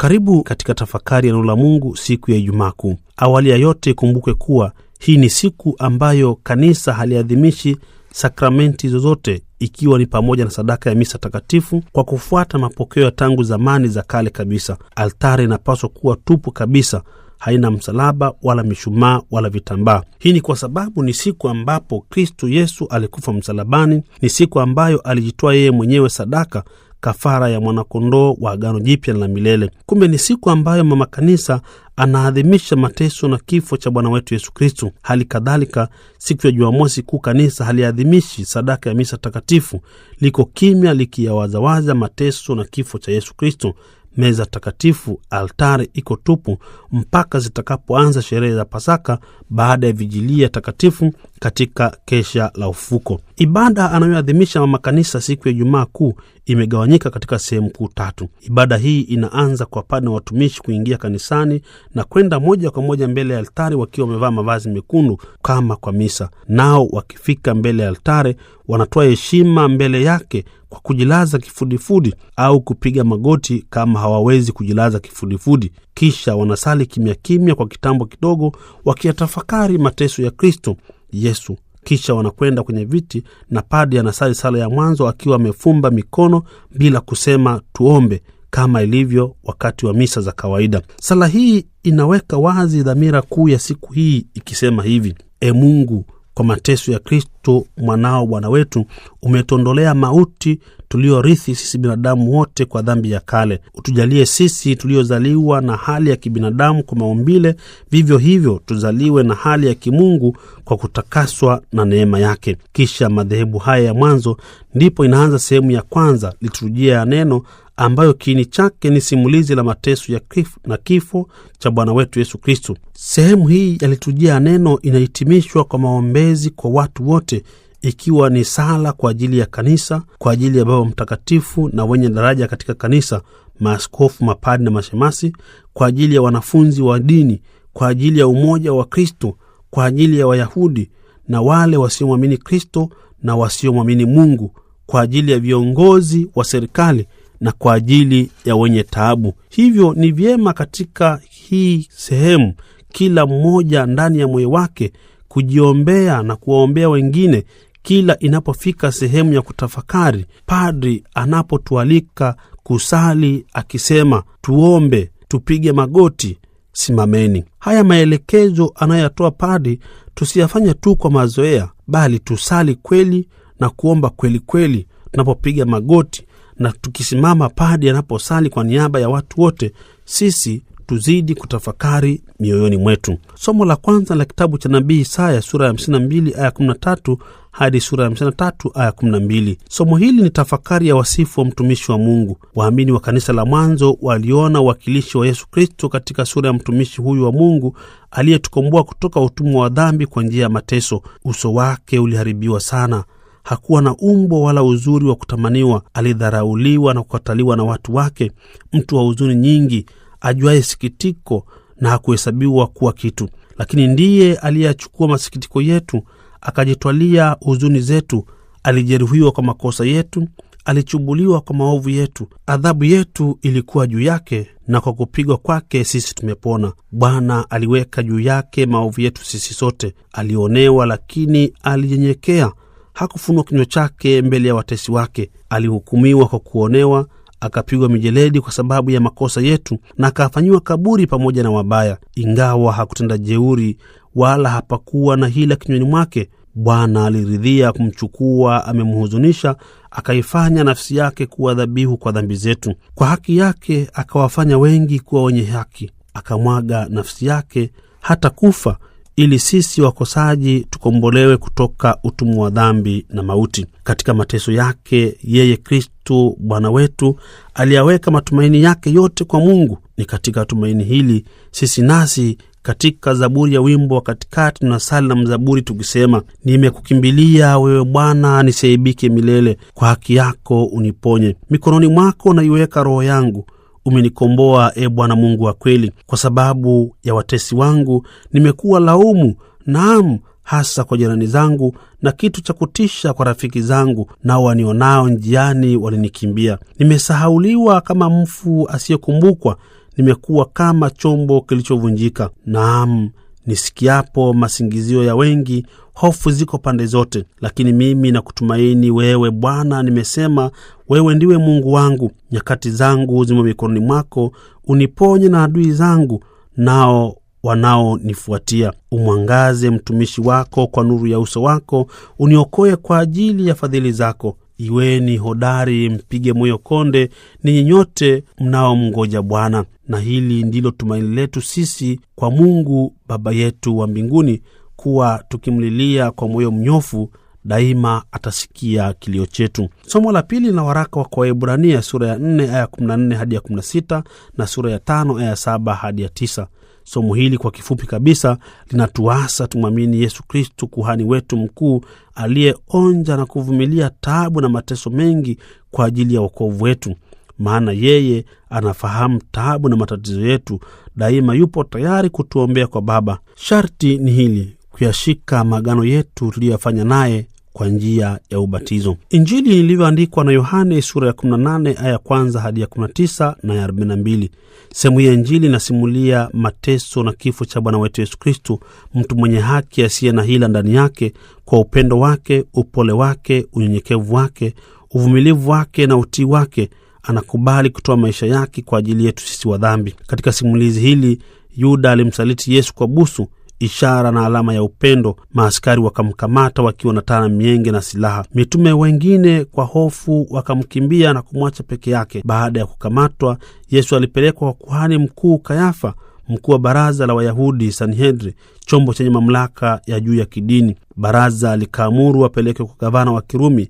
Karibu katika tafakari ya neno la Mungu siku ya Ijumaa Kuu. Awali ya yote, ikumbuke kuwa hii ni siku ambayo kanisa haliadhimishi sakramenti zozote, ikiwa ni pamoja na sadaka ya misa takatifu, kwa kufuata mapokeo ya tangu zamani za kale kabisa. Altari inapaswa kuwa tupu kabisa, haina msalaba wala mishumaa wala vitambaa. Hii ni kwa sababu ni siku ambapo Kristo Yesu alikufa msalabani, ni siku ambayo alijitoa yeye mwenyewe sadaka kafara ya mwanakondoo wa agano jipya la milele. Kumbe ni siku ambayo mama kanisa anaadhimisha mateso na kifo cha Bwana wetu Yesu Kristu. Hali kadhalika, siku ya Jumamosi Kuu, kanisa haliadhimishi sadaka ya misa takatifu, liko kimya likiyawazawaza mateso na kifo cha Yesu Kristu. Meza takatifu, altari iko tupu mpaka zitakapoanza sherehe za Pasaka baada ya vijilia takatifu katika kesha la ufuko. Ibada anayoadhimisha makanisa siku ya jumaa Kuu imegawanyika katika sehemu kuu tatu. Ibada hii inaanza kwa pande na watumishi kuingia kanisani na kwenda moja kwa moja mbele ya altari wakiwa wamevaa mavazi mekundu kama kwa misa. Nao wakifika mbele ya altari, wanatoa heshima mbele yake kwa kujilaza kifudifudi au kupiga magoti kama hawawezi kujilaza kifudifudi. Kisha wanasali kimya kimya kwa kitambo kidogo, wakiyatafakari mateso ya Kristo Yesu. Kisha wanakwenda kwenye viti na padi anasali sala ya mwanzo akiwa amefumba mikono bila kusema tuombe, kama ilivyo wakati wa misa za kawaida. Sala hii inaweka wazi dhamira kuu ya siku hii ikisema hivi: E Mungu, kwa mateso ya Kristo mwanao Bwana wetu, umetondolea mauti tuliorithi sisi binadamu wote kwa dhambi ya kale. Utujalie sisi tuliozaliwa na hali ya kibinadamu kwa maumbile, vivyo hivyo tuzaliwe na hali ya kimungu kwa kutakaswa na neema yake. Kisha madhehebu haya ya mwanzo, ndipo inaanza sehemu ya kwanza liturujia ya neno ambayo kiini chake ni simulizi la mateso ya kifo na kifo cha Bwana wetu Yesu Kristu. Sehemu hii yalitujia neno inahitimishwa kwa maombezi kwa watu wote, ikiwa ni sala kwa ajili ya kanisa, kwa ajili ya Baba Mtakatifu na wenye daraja katika kanisa, maaskofu, mapadi na mashemasi, kwa ajili ya wanafunzi wa dini, kwa ajili ya umoja wa Kristo, kwa ajili ya Wayahudi na wale wasiomwamini Kristo na wasiomwamini Mungu, kwa ajili ya viongozi wa serikali na kwa ajili ya wenye taabu. Hivyo ni vyema katika hii sehemu kila mmoja ndani ya moyo wake kujiombea na kuwaombea wengine kila inapofika sehemu ya kutafakari. Padri anapotualika kusali akisema, tuombe, tupige magoti, simameni. Haya maelekezo anayoyatoa padri tusiyafanye tu kwa mazoea, bali tusali kweli na kuomba kweli kweli tunapopiga magoti na tukisimama padi anaposali kwa niaba ya watu wote, sisi tuzidi kutafakari mioyoni mwetu. Somo la kwanza la kitabu cha nabii Isaya sura ya 52 aya 13 hadi sura ya 53 aya 12. Somo hili ni tafakari ya wasifu wa mtumishi wa Mungu. Waamini wa kanisa la mwanzo waliona uwakilishi wa Yesu Kristo katika sura ya mtumishi huyu wa Mungu aliyetukomboa kutoka utumwa wa dhambi kwa njia ya mateso. Uso wake uliharibiwa sana Hakuwa na umbo wala uzuri wa kutamaniwa, alidharauliwa na kukataliwa na watu wake, mtu wa huzuni nyingi, ajuaye sikitiko na hakuhesabiwa kuwa kitu. Lakini ndiye aliyeyachukua masikitiko yetu, akajitwalia huzuni zetu. Alijeruhiwa kwa makosa yetu, alichubuliwa kwa maovu yetu. Adhabu yetu ilikuwa juu yake, na kwa kupigwa kwake sisi tumepona. Bwana aliweka juu yake maovu yetu sisi sote. Alionewa, lakini alinyenyekea hakufunua kinywa chake mbele ya watesi wake. Alihukumiwa kwa kuonewa, akapigwa mijeledi kwa sababu ya makosa yetu, na akafanyiwa kaburi pamoja na wabaya. Ingawa hakutenda jeuri wala hapakuwa na hila kinywani mwake, Bwana aliridhia kumchukua. Amemhuzunisha, akaifanya nafsi yake kuwa dhabihu kwa dhambi zetu. Kwa haki yake akawafanya wengi kuwa wenye haki, akamwaga nafsi yake hata kufa ili sisi wakosaji tukombolewe kutoka utumwa wa dhambi na mauti. Katika mateso yake yeye Kristu Bwana wetu aliyaweka matumaini yake yote kwa Mungu. Ni katika tumaini hili sisi nasi katika Zaburi ya wimbo wa katikati tunasali na mzaburi tukisema: nimekukimbilia wewe Bwana, nisiaibike milele, kwa haki yako uniponye, mikononi mwako naiweka roho yangu umenikomboa, e Bwana Mungu wa kweli. Kwa sababu ya watesi wangu nimekuwa laumu, naam hasa kwa jirani zangu na kitu cha kutisha kwa rafiki zangu, nao wanionao njiani walinikimbia. Nimesahauliwa kama mfu asiyekumbukwa, nimekuwa kama chombo kilichovunjika. Naam, nisikiapo masingizio ya wengi hofu ziko pande zote, lakini mimi na kutumaini wewe Bwana. Nimesema wewe ndiwe Mungu wangu, nyakati zangu zimo mikononi mwako. Uniponye na adui zangu, nao wanaonifuatia. Umwangaze mtumishi wako kwa nuru ya uso wako, uniokoe kwa ajili ya fadhili zako. Iweni hodari, mpige moyo konde, ninyi nyote mnaomngoja Bwana. Na hili ndilo tumaini letu sisi kwa Mungu Baba yetu wa mbinguni kuwa tukimlilia kwa moyo mnyofu daima atasikia kilio chetu. Somo la pili na waraka wa kwaibrania sura ya 4 aya 14 hadi ya 16 na sura ya 5 aya 7 hadi ya 9. Somo hili kwa kifupi kabisa linatuasa tumwamini Yesu Kristu, kuhani wetu mkuu, aliyeonja na kuvumilia tabu na mateso mengi kwa ajili ya wokovu wetu, maana yeye anafahamu tabu na matatizo yetu. Daima yupo tayari kutuombea kwa Baba. Sharti ni hili kuyashika magano yetu tuliyoyafanya naye kwa njia ya ubatizo. Injili ilivyoandikwa na Yohane sura ya 18 aya kwanza hadi ya 19 na ya 42. Sehemu hii ya Injili inasimulia mateso na kifo cha Bwana wetu Yesu Kristu, mtu mwenye haki asiye na hila ndani yake, kwa upendo wake, upole wake, unyenyekevu wake, uvumilivu wake na utii wake anakubali kutoa maisha yake kwa ajili yetu sisi wa dhambi. Katika simulizi hili, Yuda alimsaliti Yesu kwa busu ishara na alama ya upendo. Maaskari wakamkamata wakiwa na taa na mienge na silaha. Mitume wengine kwa hofu wakamkimbia na kumwacha peke yake. Baada ya kukamatwa, Yesu alipelekwa kwa kuhani mkuu Kayafa, mkuu wa baraza la Wayahudi, Sanhedri, chombo chenye mamlaka ya juu ya kidini. Baraza likaamuru apelekwe kwa gavana wa Kirumi.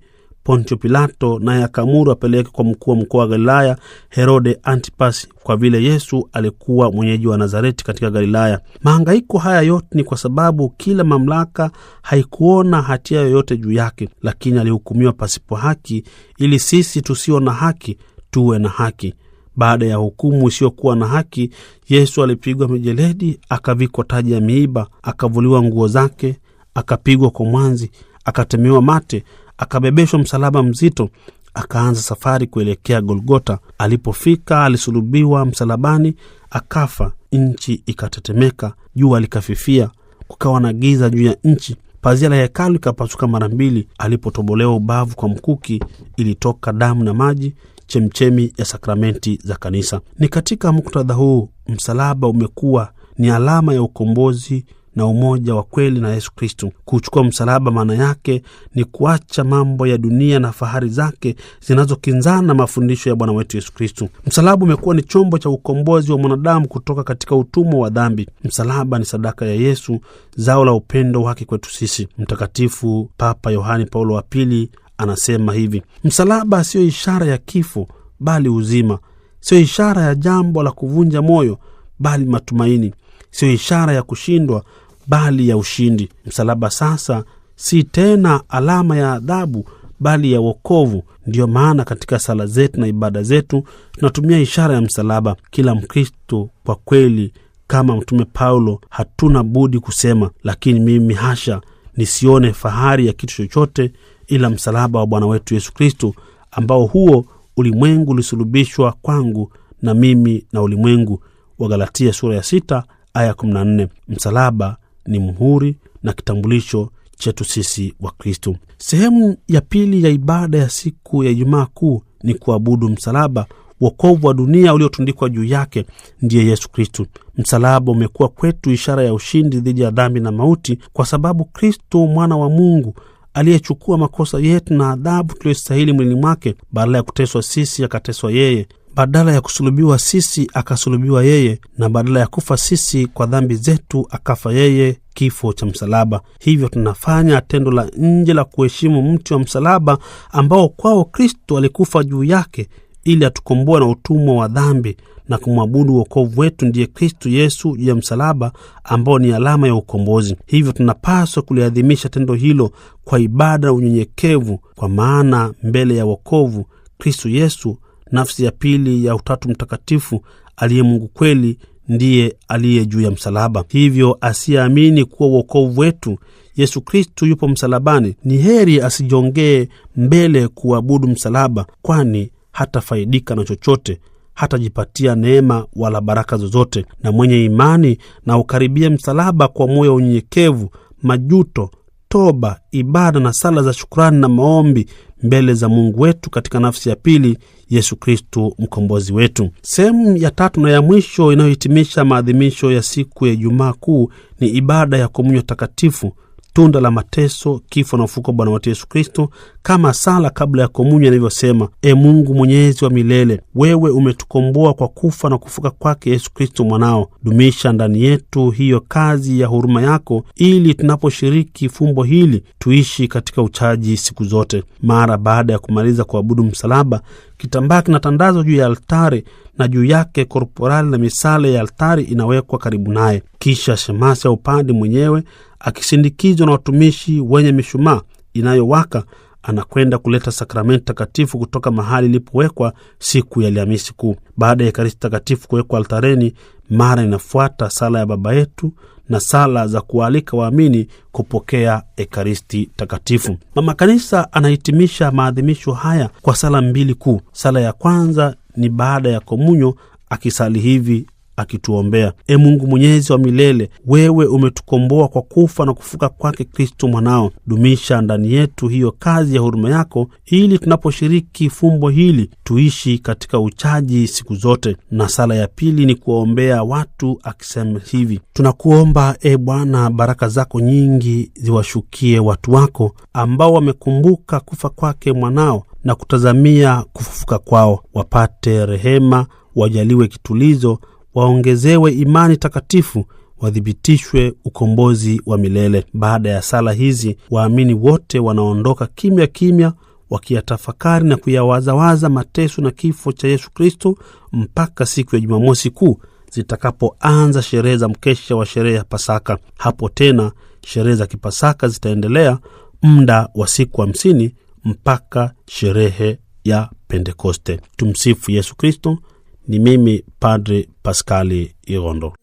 Pontio Pilato, naye akaamuru apeleke kwa mkuu wa mkoa wa Galilaya Herode Antipas, kwa vile Yesu alikuwa mwenyeji wa Nazareti katika Galilaya. maangaiko haya yote ni kwa sababu kila mamlaka haikuona hatia yoyote juu yake, lakini alihukumiwa pasipo haki, ili sisi tusio na haki tuwe na haki. Baada ya hukumu isiyokuwa na haki, Yesu alipigwa mijeledi, akavikwa taji ya miiba, akavuliwa nguo zake, akapigwa kwa mwanzi, akatemewa mate, akabebeshwa msalaba mzito, akaanza safari kuelekea Golgota. Alipofika alisulubiwa msalabani, akafa. Nchi ikatetemeka, jua likafifia, kukawa na giza juu ya nchi. Pazia la hekalu ikapasuka mara mbili. Alipotobolewa ubavu kwa mkuki, ilitoka damu na maji, chemchemi ya sakramenti za kanisa. Ni katika muktadha huu msalaba umekuwa ni alama ya ukombozi na umoja wa kweli na Yesu Kristo. Kuchukua msalaba maana yake ni kuacha mambo ya dunia na fahari zake zinazokinzana na mafundisho ya Bwana wetu Yesu Kristo. Msalaba umekuwa ni chombo cha ukombozi wa mwanadamu kutoka katika utumwa wa dhambi. Msalaba ni sadaka ya Yesu, zao la upendo wake kwetu sisi. Mtakatifu Papa yohani Paulo wa Pili anasema hivi: msalaba siyo ishara ya kifo, bali uzima; siyo ishara ya jambo la kuvunja moyo, bali matumaini; siyo ishara ya kushindwa, bali ya ushindi. Msalaba sasa si tena alama ya adhabu bali ya wokovu. Ndiyo maana katika sala zetu na ibada zetu tunatumia ishara ya msalaba. Kila Mkristo kwa kweli, kama Mtume Paulo, hatuna budi kusema, lakini mimi hasha, nisione fahari ya kitu chochote ila msalaba wa Bwana wetu Yesu Kristo, ambao huo ulimwengu ulisulubishwa kwangu na mimi na ulimwengu. Wagalatia sura ya sita aya nne. Msalaba ni mhuri na kitambulisho chetu sisi wa Kristu. Sehemu ya pili ya ibada ya siku ya Ijumaa Kuu ni kuabudu msalaba. Wokovu wa dunia uliotundikwa juu yake ndiye Yesu Kristu. Msalaba umekuwa kwetu ishara ya ushindi dhidi ya dhambi na mauti, kwa sababu Kristu mwana wa Mungu aliyechukua makosa yetu na adhabu tuliyostahili mwilini mwake, badala ya kuteswa sisi, akateswa yeye badala ya kusulubiwa sisi akasulubiwa yeye, na badala ya kufa sisi kwa dhambi zetu akafa yeye kifo cha msalaba. Hivyo tunafanya tendo la nje la kuheshimu mti wa msalaba ambao kwao Kristo alikufa juu yake ili atukomboe na utumwa wa dhambi na kumwabudu uokovu wetu ndiye Kristu Yesu juu ya msalaba ambao ni alama ya ukombozi. Hivyo tunapaswa kuliadhimisha tendo hilo kwa ibada na unyenyekevu, kwa maana mbele ya wokovu Kristu Yesu nafsi ya pili ya Utatu Mtakatifu aliye Mungu kweli ndiye aliye juu ya msalaba. Hivyo asiyeamini kuwa uokovu wetu Yesu Kristu yupo msalabani, ni heri asijongee mbele kuabudu msalaba, kwani hatafaidika na chochote, hatajipatia neema wala baraka zozote. Na mwenye imani na ukaribia msalaba kwa moyo wa unyenyekevu, majuto, toba, ibada na sala za shukurani na maombi mbele za Mungu wetu katika nafsi ya pili, Yesu Kristu mkombozi wetu. Sehemu ya tatu na ya mwisho inayohitimisha maadhimisho ya siku ya Ijumaa Kuu ni ibada ya komunywa takatifu, tunda la mateso, kifo na ufuko wa Bwana wetu Yesu Kristo kama sala kabla ya komunywa inavyosema: E Mungu mwenyezi wa milele, wewe umetukomboa kwa kufa na kufuka kwake Yesu Kristo mwanao. Dumisha ndani yetu hiyo kazi ya huruma yako, ili tunaposhiriki fumbo hili tuishi katika uchaji siku zote. Mara baada ya kumaliza kuabudu msalaba, kitambaa kinatandazwa juu ya altari na juu yake korporali na misale ya altari inawekwa karibu naye. Kisha shemasi ya upande mwenyewe akisindikizwa na watumishi wenye mishumaa inayowaka anakwenda kuleta sakramenti takatifu kutoka mahali ilipowekwa siku ya liamisi Kuu. Baada ya Ekaristi takatifu kuwekwa altareni, mara inafuata sala ya Baba yetu na sala za kuwaalika waamini kupokea Ekaristi takatifu. Mama Kanisa anahitimisha maadhimisho haya kwa sala mbili kuu. Sala ya kwanza ni baada ya komunyo, akisali hivi akituombea. E Mungu mwenyezi wa milele, wewe umetukomboa kwa kufa na kufuka kwake Kristo mwanao. Dumisha ndani yetu hiyo kazi ya huruma yako, ili tunaposhiriki fumbo hili tuishi katika uchaji siku zote. Na sala ya pili ni kuwaombea watu akisema hivi: tunakuomba e Bwana, baraka zako nyingi ziwashukie watu wako ambao wamekumbuka kufa kwake mwanao na kutazamia kufufuka kwao, wapate rehema, wajaliwe kitulizo waongezewe imani takatifu, wathibitishwe ukombozi wa milele. Baada ya sala hizi, waamini wote wanaondoka kimya kimya wakiyatafakari na kuyawazawaza mateso na kifo cha Yesu Kristo mpaka siku ya Jumamosi Kuu zitakapoanza sherehe za mkesha wa sherehe ya Pasaka. Hapo tena sherehe za kipasaka zitaendelea muda wa siku hamsini mpaka sherehe ya Pentekoste. Tumsifu Yesu Kristo. Ni mimi Padre Paskali Irondo.